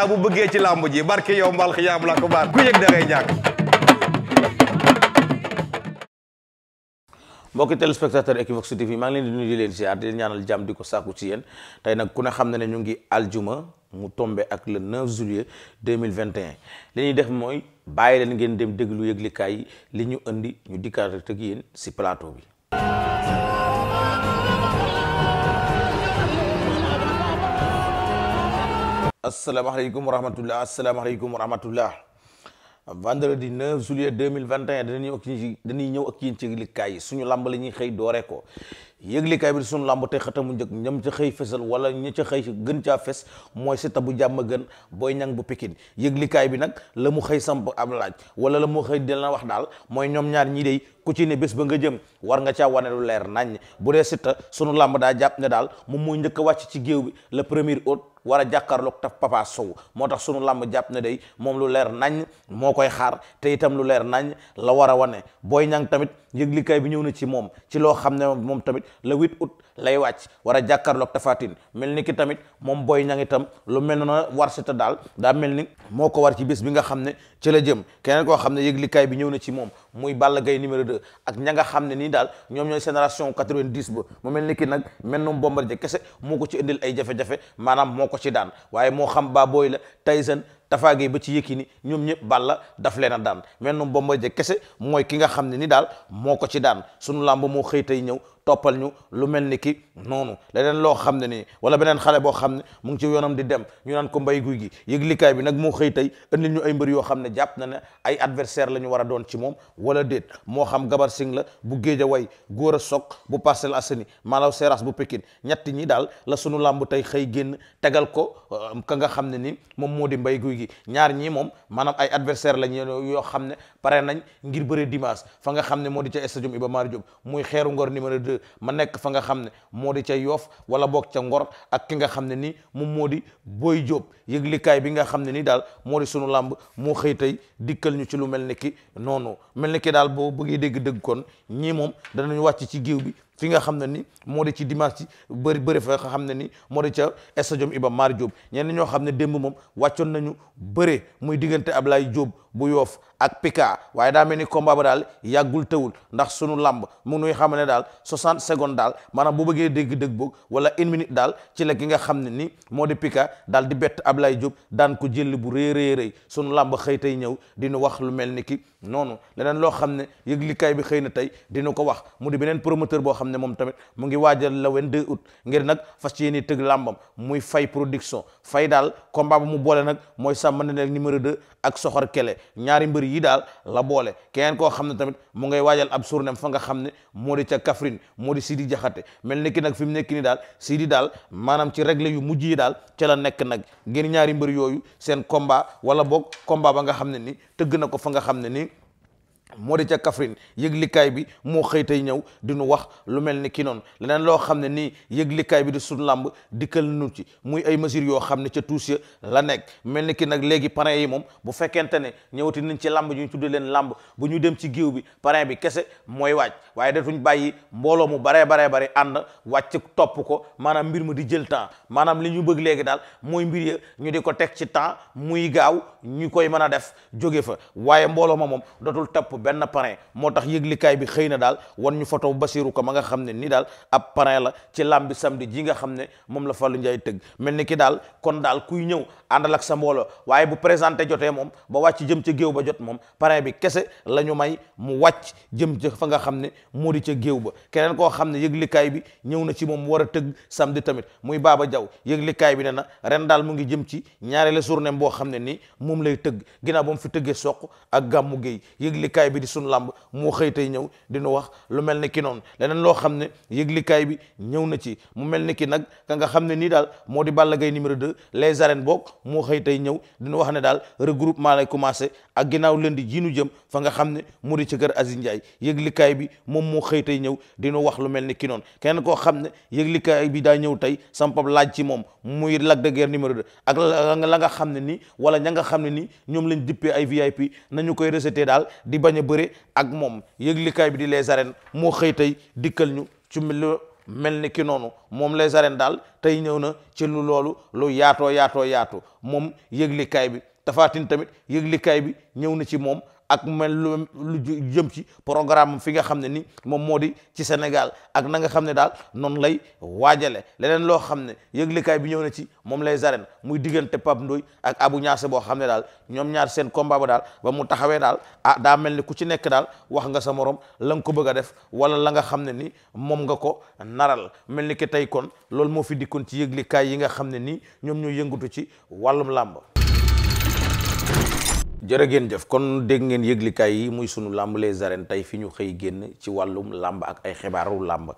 naa bëggee ci làmb ji barke yow mbal xiyaam la ko baar ku yëg da ngay ñàkk mbokki téléspectateur Equivox maa ngi leen di nuyu di leen ziar di ñaanal jàmm di ko sàkku ci yéen tey nag ku ne xam na ne ñu ngi aljuma mu tombe ak le 9 juillet 2021 li ñuy def mooy bàyyi leen ngeen dem déglu yëglikaay yi li ñu indi ñu dikkaat ak yéen si plateau bi asalaamaaleykum wa rahmatulah asalaamaaleykum wa rahmatulah vendredi 9 juillet 2021 dañuy ak ci dañuy ñëw ak yéen ci yëglikaay yi suñu làmb la ñuy xëy dooree ko yëglikaay bi suñu làmb tey xatamu njëkk ñam ca xëy fesal wala ña ca xëy gën caa fes mooy Siteu bu jàmm gën booy Niang bu Pikine yëglikaay bi nag la mu xëy samp ab laaj wala la mu xëy dina wax daal mooy ñoom ñaar ñii dey ku ci ne bés ba nga jëm war nga caa wane lu leer nañ bu dee Siteu sunu làmb daa jàpp ne daal moom mooy njëkk a wàcc ci géew bi la premier hôte war a jàkkaarloog taf Papa Sow moo tax sunu làmb jàpp ne day moom lu leer nañ moo koy xaar te itam lu leer nañ la war a wane booy Niang tamit yëglikaay bi ñëw na ci moom ci loo xam ne moom tamit le huit août lay wàcc war a jàkkaarloog tafatin mel ni ki tamit moom booy ñang itam lu mel noona war si te daal daa mel ni moo ko war ci bis bi nga xam ne ci la jëm keneen koo xam ne yëglikaay bi ñëw na ci moom muy Balla Gaye numéro 2 ak ña nga xam ne nii daal ñoom ñooy génération 90 ba mu mel ni ki nag mel num Bombardier kese moo ko ci indil ay jafe maanaam moo ko ci daan waaye moo xam baa booy la Tyson tafaagee ba ci Yékini ñoom ñëpp Balla daf leen a daan mel num Bombardier kese mooy ki nga xam ne ni daal moo ko ci daan sunu làmb moo xëy tey ñëw toppal ñu lu mel ni ki noonu leneen loo xam ne nii wala beneen xale boo xam ne mu ngi ci di dem ñu naan ko mbay guy gi yëglikaay bi nag moo xëy tey andil ñu ay mbër yoo xam ne jàpp na ne ay adversaire la ñu war a doon ci moom wala moo xam gabar sing la bu géej a way góor a sok bu Parcelles Assainies maalaw seras bu Pikine ñett ñi daal la sunu làmb tey xëy génn tegal ko euh, ka nga xam ne ni moom moo di mbay guy gi ñaar ñii moom maanaam ay adversaire la yoo xam ne pare nañ ngir bëre dimanche fa nga xam ne moo di ca stadium Iba Mar Diop muy xeeru ngor numéro 2 ma nekk fa nga xam ne moo di ca yoof wala boog ca Ngor ak ki nga xam ne nii moom moo di booy jóob yëglikaay bi nga xam ne nii daal moo di sunu làmb moo xëy tey dikkal ñu ci lu mel ni ki noonu mel ni ki daal boo bëggee dégg dëgg kon ñii moom danañu wàcc ci géew bi fi nga xam ne ni moo di ci dimanche bëri bëri xam ne ni moo di ca stadium Iba maar jóob ñenn ñoo xam ne démb moom wàccoon nañu bëre muy diggante Ablaye jóob bu yoof ak pika waaye daa mel ni combat ba daal yàggul tëwul ndax sunu làmb mu nuy xam ne daal 60 secondes daal maanaam bu bëggee dégg dëgg boog wala une minute daal ci la ki nga xam ne ni moo di pika daal di bett ab Ablaye Diop daan ko jël bu rëy rëy rëy sunu lamb xëy tey ñëw dinu wax lu mel ni ki noonu leneen loo xam ne yëg yëglikaay bi xëy na tey dinu ko wax mu di beneen promoteur boo xam ne moom tamit mu ngi waajal la wen 2 août ngir nag fas yéene tëgg lambam muy fay production fay daal combat bu mu boole nag mooy sàmm ne numéro 2 ak soxor kele ñaari mbër yi daal la boole keneen koo xam ne tamit mu ngay waajal ab surnem fa nga xam ne moo di ca Kaffrine moo di Sidi Jaxate mel ni ki nag fi mu nekk ni daal siidi daal maanaam ci règle yu mujj yi daal ca la nekk nag ngeen ñaari mbër yooyu seen combat wala boog combat ba nga xam ne ni tëgg na ko fa nga xam ne ni moo di ca Kaffrine yëglikaay bi moo xëy tey ñëw di nu wax lu mel ni ki noonu leneen loo xam ne nii yëglikaay bi di sunu làmb dikkal nu ci muy ay mesures yoo xam ne ca tuus ya la nekk mel ni ki nag léegi parrain yi moom bu fekkente ne ñëwati nañ ci làmb ñu tuddee leen làmb bu ñu dem ci géew bi parrain bi kese mooy waaj waaye defuñ bàyyi mbooloo mu baree baree bare ànd wàcc topp ko maanaam mbir ma di jël temps maanaam li ñu bëgg léegi daal mooy mbir ya ñu di ko teg ci temps muy gaaw ñu koy mën a def jóge fa waaye mbooloo ma benn parrain moo tax yëglikaay bi xëy na daal wan ñu photo Basirou ko ma nga xam ne ni daal ab parrain la ci làmbi samedi ji nga xam ne moom la Fallou Ndiaye tëgg mel ni ki daal kon daal kuy ñëw àndal ak sa mbooloo waaye bu présenté jotee moom ba wàcc jëm ca géew ba jot moom parrain bi kese la ñu may mu wàcc jëm ca fa nga xam ne moo di ca géew ba keneen koo xam ne yëglikaay bi ñëw na ci moom war a tëgg samedi tamit muy Baba Diaw yëglikaay bi ne na ren daal mu ngi jëm ci ñaareelu journée boo xam ne ni moom lay tëgg ginaaw ba mu fi tëggee soq ak gàmmu géey yëglikaay yëglikaay bi di sunu làmb moo xëy tey ñëw di nu wax lu mel ni ki leneen loo xam ne yëglikaay bi ñëw na ci mu mel ni ki nag ka nga xam ne nii daal moo di Balla Gaye numéro 2 les arènes boog moo xëy tey ñëw di nu wax ne daal regroupement lay commencé ak ginnaaw lëndi ji nu jëm fa nga xam ne mu di ci kër Aziz Ndiaye bi moom moo xëy tey ñëw di wax lu mel ni ki noonu kenn koo xam ne yëglikaay bi daa ñëw tey sampab laaj ci moom muy Lac de Guiers numéro 2 ak la nga xam ne nii wala ña nga xam ne nii ñoom lañ dippee ay VIP nañu koy rejeté daal di bañ a bëre ak moom yëglikaay bi di les arènes moo xëy tey dikkal ñu ci lu mel ni ki noonu moom les arènes daal tey ñëw na ci lu loolu lu yaatoo yaatoo yaatu moom yëglikaay bi Tapha Tine tamit yëglikaay bi ñëw na ci moom ak mel lu lu jëm ci programme fi nga xam ne nii moom moo di ci Sénégal ak na nga xam ne daal noonu lay waajale leneen loo xam ne yëglikaay bi ñëw na ci moom lay zaren muy diggante Pape ndoy ak Abou Niasse boo xam ne daal ñoom ñaar seen combat daal ba mu taxawee daal ah daa mel ni ku ci nekk daal wax nga sa morom la nga ko bëgg a def wala la nga xam ne ni moom nga ko naral mel ni ki tey kon loolu moo fi dikkoon ci yëglikaay yi nga xam ne nii ñoom ñoo yëngatu ci wàllum làmb jërë ngeen jëf kon dégg ngeen yëglikaay yi muy sunu làmb les arènes tey fi ñu xëy génn ci wàllum làmb ak ay xibaaru làmb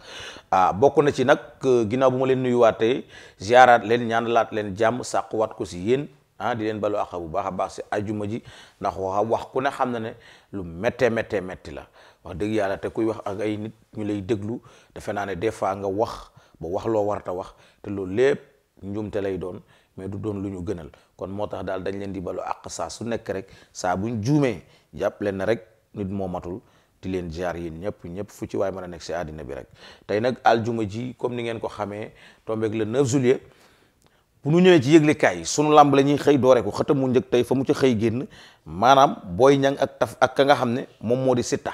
ah bokk na ci nag euh, ginnaaw bu ma leen nuyuwaatee ziaraat leen ñaan laat leen jàmm sàquwaat ko si yéen ah di leen balu àq bu baax a baax si ajuma ji ndax wax wax ku ne xam na ne lu méttee méttee métti la wax dëgg yàlla te kuy wax ak ay nit ñu lay déglu defe naa ne des fois nga wax ba wax loo warta wax te loolu lépp njuumte lay doon mais du doon lu ñu gënal kon moo tax daal dañ leen di balu àq saa su nekk rek saa bu ñu juumee jàpp leen na rek nit moo matul di leen jaar yéen ñëpp ñëpp fu ci waay mën a nekk si àddina bi rek tey nag aljuma ji comme ni ngeen ko xamee tombeeg le 9 juillet bu nu ñëwee ci yëglekaay yi sunu làmb la ñuy xëy doore ko xëtam mu njëkk tey fa mu ci xëy génn maanaam booy ñang ak taf ak ka nga xam ne moom moo di sitta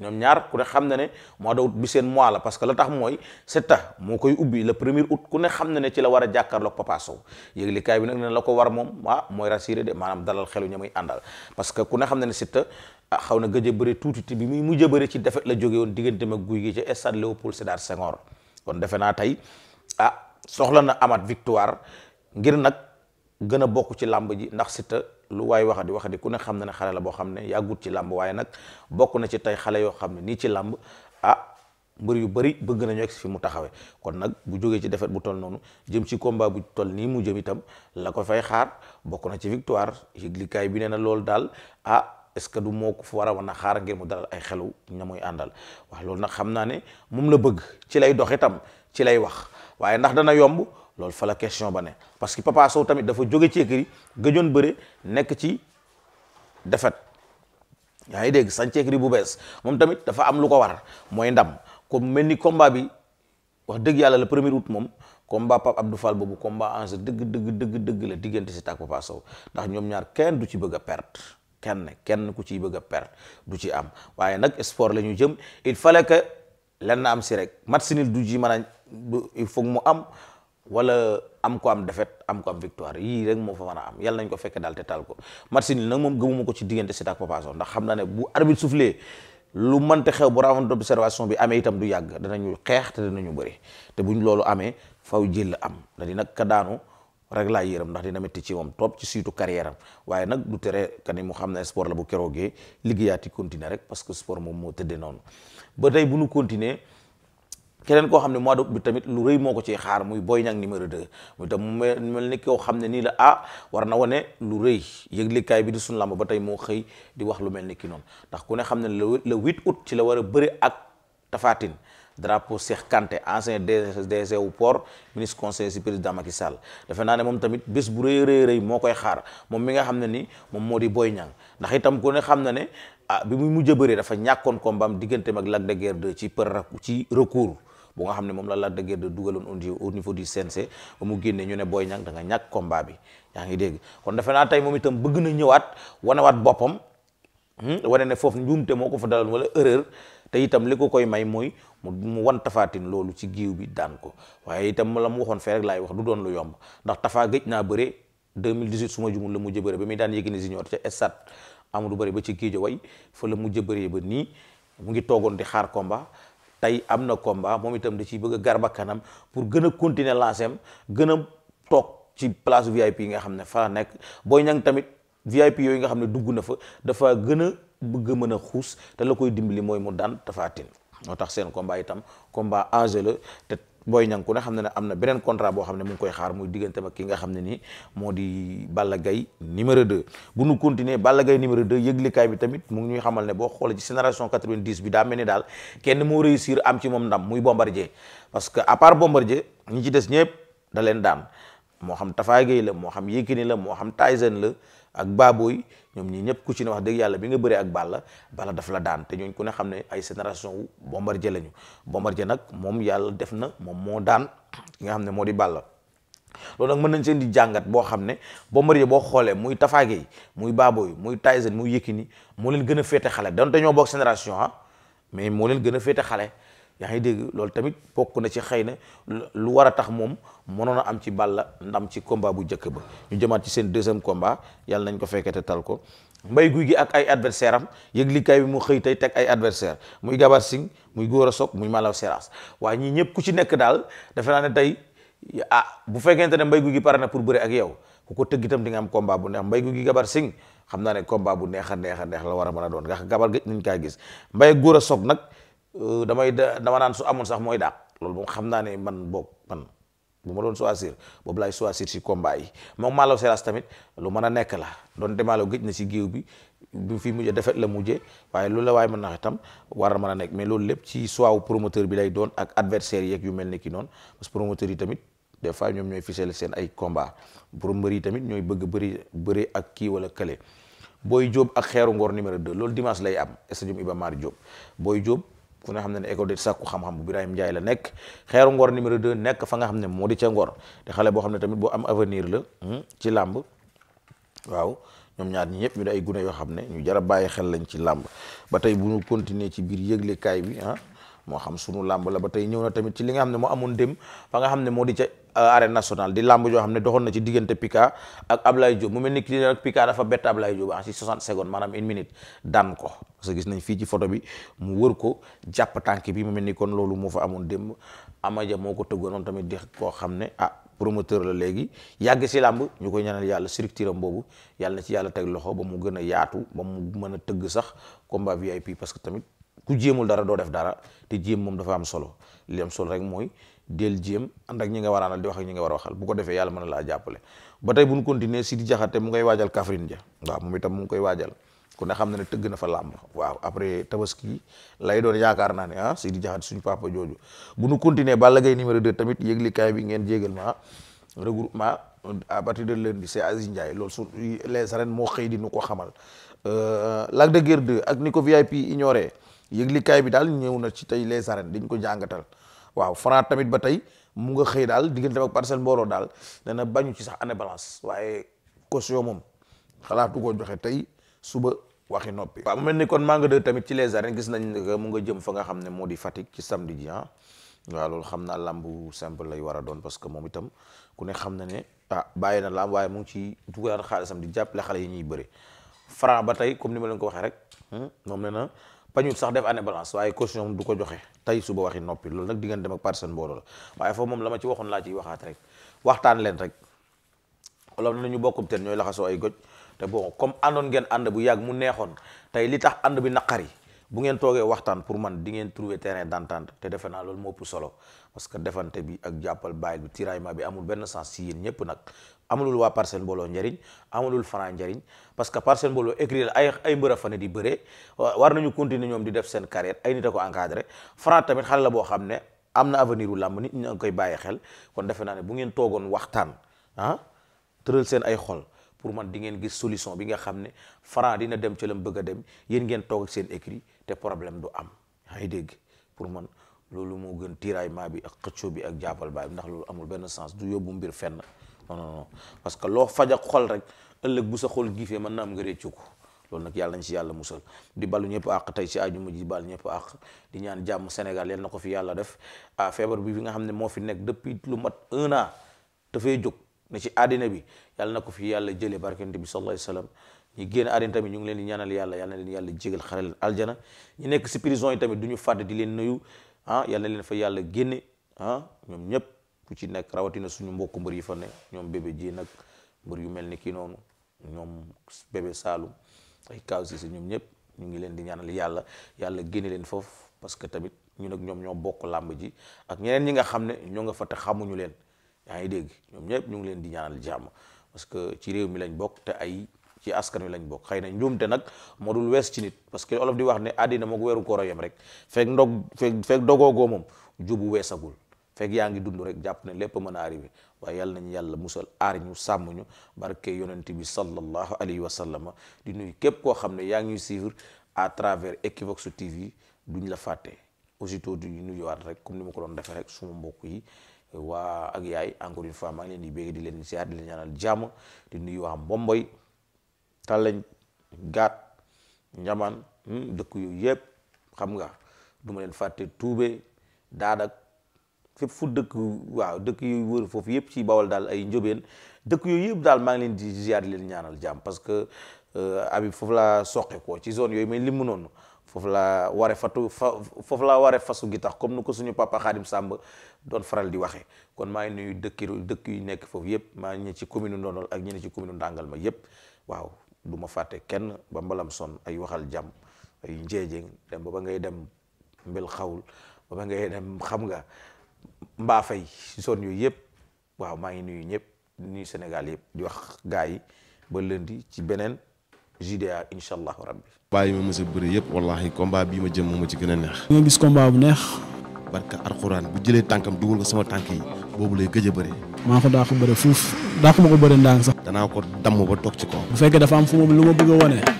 ñoom ñaar ku ne xam na ne mois d'août bi seen mois la parce que la tax mooy Siteu moo koy ubbi le premier août ku ne xam na ne ci la war a jàkkaarloog Papa Sow yëglikaay bi nag ne la ko war moom ah mooy rassuré de maanaam dalal xelu ña muy àndal parce que ku ne xam na ne Siteu ah, xaw na gëj a bëre tuuti te bi muy mujj a bëre ci defet la joge woon diggante mag guy gi ca stade Léopold Sédar Senghor kon defe naa tey ah soxla na amaat victoire ngir nag gën a bokk ci làmb ji ndax Siteu lu waay waxadi waxadi ku ne xam na ne xale la boo xam ne yàggut ci làmb waaye nag bokk na ci tey xale yoo xam ne nii ci làmb a ah, mbër yu bëri bëgg nañu egg fi mu taxawe kon nag bu jógee ci defet bu toll noonu jëm ci combat bu toll nii mu jëm itam la ko fay xaar bokk na ci victoire yëglikaay bi nee na loolu daal ah est-ce que du moo ko fa war a wan a xaar ngir mu dalal ay xelu ña àndal wax loolu nag xam naa ne moom la bëgg ci lay dox itam ci lay wax waaye ndax dana loolu fala question ba ne parce que Papa Sow tamit dafa jóge ci écurie gëjoon bëre nekk ci defet yaa ngi dégg sànc écurie bu bees moom tamit dafa am lu ko war mooy ndam comme mel ni combat bi wax dëgg yàlla le premier août moom combat Pape Abdou Fall boobu combat enjeu dëgg dëgg dëgg dëgg la diggante si tak Papa Sow ndax ñoom ñaar kenn du ci bëgg a perte kenn kenn ku ciy bëgg a perte du ci am waaye nag sport lañu jëm il fallait lenn am si rek match nul du ci mën a il faut mu am wala am ko am défaite am ko am victoire yii rek moo fa mën a am yal nañ ko fekke daal te taal ko match ni nag moom gëmuma ko ci diggante Siteu ak Papa Sow ndax xam naa ne bu arbitre soufflé lu mënte xew bu round d'observation bi amee itam du yàgg dana ñu xeex te ñu bëri te buñ loolu amee faw jël la am da di nag ka daanu rek laa yéram ndax dina métti ci moom trop ci surtout carrière am waaye nag du tere que ni mu xam ne sport la bu keroogee liggéeyaati continuer rek parce que sport moom moo tëddee noonu keneen koo xam ne mois d'août bi tamit lu rëy moo ko ciy xaar muy Boy Niang numéro 2 mu mel ni koo xam ne nii ah war na wane lu rëy yëglikaay bi di sunu làmb ba tey moo xëy di wax lu mel ni ki noonu ndax ku ne xam ne le 8 août ci la war a bëri ak Tafatine drapeau Cheikh Kanté ancien DG wu port ministre conseiller président Macky Sall defe ne moom tamit bés bu rëy rëy rëy moo koy xaar moom mi nga xam ne ni moom moo di Boy Niang ndax itam ku ne xam na ne ah bi muy mujj a bëree dafa ñàkkoon combat am digganteem ak Lac de ci 2 ci par ci recours bu nga xam ne moom la Lac de Guiers dugaloon au niveau du CNG ba mu génne ñu ne Boy Niang da nga ñàkk combat bi yaa ngi dégg kon defe naa tey moom itam bëgg na ñëwaat wanewaat boppam hmm, wane ne foofu njuumte moo ko fa daloon wala erreur te itam li ko koy may mooy mu wan tafaatin loolu ci giiw bi daan ko waaye itam la mu waxoon fee rek laay wax du doon lu yomb ndax tafaa gëj naa bëre 2018 su ma jumul la mujj bëre ba muy daan Yékini Junior ca stade Amadou Barry ba ci Guédiawaye fa la mujj bëree ba nii mu ngi toogoon di xaar combat tey am na combat moom itam da ciy bëgg a garba kanam pour gën a continuer lancem gën a toog ci place VIP yi nga xam ne fa nekk booy Niang tamit VIP yooyu nga xam ne dugg na fa dafa gën a bëgg mën a xuus te la koy dimbali mooy mu daan dafa Tine moo tax seen combat itam combat enjeu te booy Niang ku ne xam ne ne am na beneen contrat boo xam ne mu ngi koy xaar muy digganteem ak ki nga xam ne ni moo di Balla Gaye numéro 2 bu nu continuer Balla numéro 2 yëglikaay bi tamit mu ngi ñuy xamal ne boo xoolee ci génération 90 bi daa mel ni daal kenn moo réussir am ci moom ndam muy Bombardier parce que à part Bombardier ñi ci des ñëpp da leen daan moo xam Tafa Gueye la moo xam Yékini la moo xam Tyson la ak baabooy ñoom ñii ñëpp ku ci ne wax dëgg yàlla bi nga bëree ak Balla Balla daf la daan te ñooñ ku ne xam ne ay génération wu Bombardier lañu Bombardier nag moom yàlla def na moom moo daan ki nga xam ne moo di Balla loolu nag mën nañ seen di jàngat boo xam ne Bombardier boo xoolee muy Tapha Gueye muy Baboy muy Tyson muy Yékini moo leen gën a féete xale donte ñoo bokk génération ah mais moo leen gën a féete xale yaa ngi dégg loolu tamit bokk na ci xëy na lu war a tax moom mënoon a am ci Balla ndam ci combat bu njëkk ba ñu jëmaat ci seen deuxième komba yàlla nañ ko fekkee tal ko mbay gi ak ay adversaire am yëglikaay bi mu xëy tey teg ay adversaire muy Gabar Singh muy Gora Sock muy Malaw Seras waaye ñii ñëpp ku ci nekk daal defe naa ne tey ah bu fekkente ne mbay gi pare na pour bëre ak yow ku ko tëgg itam di nga am combat bu neex mbay guy gi Gabar Singh xam naa ne combat bu neex a neex a la war a mën a doon nga gabar gëj nañ kaa gis góor a Sock nag Euh, damay dama naan su amoon sax mooy dàq loolu moom xam naa ne man boog man bu ma doon choisir boobu laay choisir si combat yi moom Malaw Seras tamit lu mën a nekk la doon demaalo gëj na si géew bi bi fi mujjee defet la mujjee waaye loolu la waaye mën na itam war na mën a nekk mais loolu lépp ci choix promoteur bi lay doon ak adversaire yeeg yu mel ni ki noonu parce que promoteur yi tamit des fois ñoom ñooy ficeler seen ay combat pour mbër yi tamit ñooy bëgg bëri bëri ak kii wala kële Boy Diop ak Xeeru Ngor numéro 2 loolu dimanche lay am stadium Iba Mar Diop Boy Diop. ku ne xam ne ne école de sàkku xam-xam bu Birahim Ndiaye la nekk xeeru ngor numéro 2 nekk fa nga xam ne moo di ca ngor te xale boo xam ne tamit bu am avenir la hmm, ci làmb waaw ñoom ñaar ñi ñëpp ñu di ay gune yoo xam ne ñu jara bàyyi xel lañ ci làmb ba tey bu ñu continuer ci biir yëgle kaay bi ah moo xam sunu làmb la ba tey ñëw na tamit ci li nga xam ne moo amoon dem fa nga xam ne moo di ca euh, arène nationale di làmb joo xam ne doxoon na ci diggante Pika ak Ablaye Diop mu ni kii nag Pika dafa bett Ablaye Diop maanaam une minute daan ko parce que nañ fii ci photo bi mu wër ko jàpp tànk bi mu mel ni kon loolu moo fa amoon démb Amaja moo ko tëggoon moom tamit di koo xam ne ah promoteur la léegi yàgg si làmb ñu koy ñaanal yàlla structure am boobu yàlla na ci yàlla teg loxo ba mu gën a yaatu ba mu mën a tëgg sax combat VIP parce que tamit. ku jéemul dara doo def dara te jéem moom dafa am solo li am solo rek mooy del jéem ànd ak ñi nga war a àndal di wax ak ñi nga war a waxal bu ko defee yàlla mën na laa jàppale ba tey bu ñu continuer Sidi Jaxate mu ngay waajal Kaffrine ja waaw moom itam koy waajal ku ne xam na ne tëgg na fa làmb waaw après tabaski lay doon yaakaar naa ne ah Sidi Jaxate suñu papa jooju bu ñu continuer Balla Gaye numéro 2 tamit yëglikaay bi ngeen jégal ma regroupement à partir de lundi c'est Aziz Ndiaye loolu su les arènes moo xëy di nu ko xamal euh, Lac da Guiers 2 ak ni ko VIP ignoré yëglikaay bi daal ñëw na ci tey les arènes dañ ko jàngatal waaw Franc tamit ba tey mu nga xëy daal diggante ak Parcelles Mbooloo daal dana bañu ci sax année balance waaye caution moom xalaatu ko joxe tey suba waxi noppi. waaw mel ni kon maa nga dëgg tamit ci les arènes gis nañ ne mu jëm fa nga xam ne moo di Fatick ci samdi ji ah. waaw loolu xam naa làmbu simple lay war a doon parce que moom itam ku ne xam na ne ah bàyyi na làmb waaye mu ngi ci dugalaat xaalisam di jàppale xale yi ñuy bëre Franc ba tey comme ni ma leen ko waxee rek hmm, moom na. pañut sax def année balance waaye caution moom du ko joxe tey suba waxi noppi loolu nag diggante dem ak personne mbooloo la waaye foofu moom la ma ci waxoon laa ciy waxaat rek waxtaan leen rek loolu wala nañu bokkum teen ñooy laxasoo ay goj te bon comme àndoon ngeen ànd bu yàgg mu neexoon tey li tax ànd bi naqari bu ngeen toogee waxtaan pour man di ngeen trouver terrain d'entente te defe naa loolu moo ëpp solo parce que defante bi ak jàppal bàyyil bi tiraillement bi amul benn sens si yéen ñëpp nag amulul waa Parcelles Mbollo njariñ amalul Franc njariñ parce que Parcelles Mbollo écrire ay ay mbër a fa ne di bëree war nañu continuer ñoom di def seen carrière ay nit a ko encadré Franc tamit xale la boo xam ne am na avenir wu làmb nit ñu nga koy bàyyi xel kon defe naa ne bu ngeen toogoon waxtaan ah tëral seen ay xol pour man di ngeen gis solution bi nga xam ne Franc dina dem ci lam bëgg dem yéen ngeen toog ak seen écrit te problème du am yaa ngi dégg pour man loolu moo gën tiraillement bi ak xëccoo bi ak jàppal baa bi ndax loolu amul benn sens du yóbbu mbir fenn non non non parce que loo faj ak rek ëllëg bu sa xol giifee mën na am nga réccu ko loolu nag yàlla nañ ci yàlla musal di balu ñëpp àq tey ci àjjuma ji bal ñëpp àq di ñaan jàmm Sénégal yal na ko fi yàlla def ah feebar bi bi nga xam ne moo fi nekk depuis lu mat un dafay jóg ne ci àddina bi yàlla na ko fi yàlla jëlee barkante bi sallallahu alayhi wa ñu génn àddina tamit ñu ngi leen di ñaanal yàlla yàlla na leen yàlla jégal ñu nekk si yi tamit du ñu di leen nuyu ah, yàlla leen fa yàlla génne ah ñoom ñëpp ku ci nekk rawatina suñu mbokk mbër yi fa ne ñoom bébé ji nag mbër yu mel ni kii noonu ñoom bébé Saalum ay kaw si si ñoom ñëpp ñu ngi leen di ñaanal yàlla yàlla génne leen foofu parce que tamit ñun ak ñoom ñoo bokk làmb ji ak ñeneen ñi nga xam ne ñoo nga fa xamuñu leen yaa ngi dégg ñoom ñëpp ñu ngi leen di ñaanal jàmm parce que ci réew mi lañ bokk te ay ci askan wi lañ bokk xëy na njuumte nag moo dul wees ci nit parce que olof di wax ne àddina moo ko weeru koor a yem rek fekk ndog fekk fekk dogoogoo moom jubu weesagul fekk yaa ngi dund rek jàpp ne lépp mën a arrivé waaye yàlla nañu yàlla musal aar ñu sàmm ñu barke yonent bi sallallahu alayhi wa sallam di nuyu képp koo xam ne yaa ngi ñuy suivre à travers Equivox TV duñ la fàtte aussitôt di nuyuwaat rek comme ni ma ko doon defee rek suma mbokk yi waa ak yaay encore une fois maa ngi leen di bégg di leen siyaar di leen ñaanal jàmm di nuyu waa Mbomboy Tàllañ gaat njaman hmm, dëkk yooyu yëpp xam nga duma leen fàtte tuube daadak fépp fu dëkk waaw dëkk yu wër foofu yëpp ci bawal daal ay njobeen dëkk yooyu yëpp daal maa ngi leen di ziar leen ñaanal jàmm parce que euh, abi foofu laa soqe ko ci zone yooyu may limu noonu foofu laa ware fatu fa foofu laa ware fasu gi tax comme nu ko suñu papa Xaadim Sàmb doon faral di waxee kon maa ngi nuyu dëkki dëkk yu nekk foofu yëpp maa ngi ci commune Ndondol ak ñi ci commune Ndangal ma yëpp waaw du ma fàtte kenn ba mbalam son ay waxal jàmm ay njeejeng dem ba ba ngay dem mbil xawul ba ba ngay dem xam nga mbaa fay zone yooyu yëpp waaw maa ngi nuyu ñëpp nuyu senegal yëpp di wax gars yi ba lundi ci beneen JDA incha allahu rabbi. combat yi ma mës a bëri yëpp wallaahi combat bii ma jëm moo ma ci gën a neex. nga gis combat bu neex. barka alxuraan bu jëlee tànkam dugal ko sama tànk yi boobu lay gëj a bëri maa ko daa ko bëri fuuf daa ko ma ko sax danaa ko damm ba toog ci kaw bu fekkee dafa am fu mu lu ma bëgg a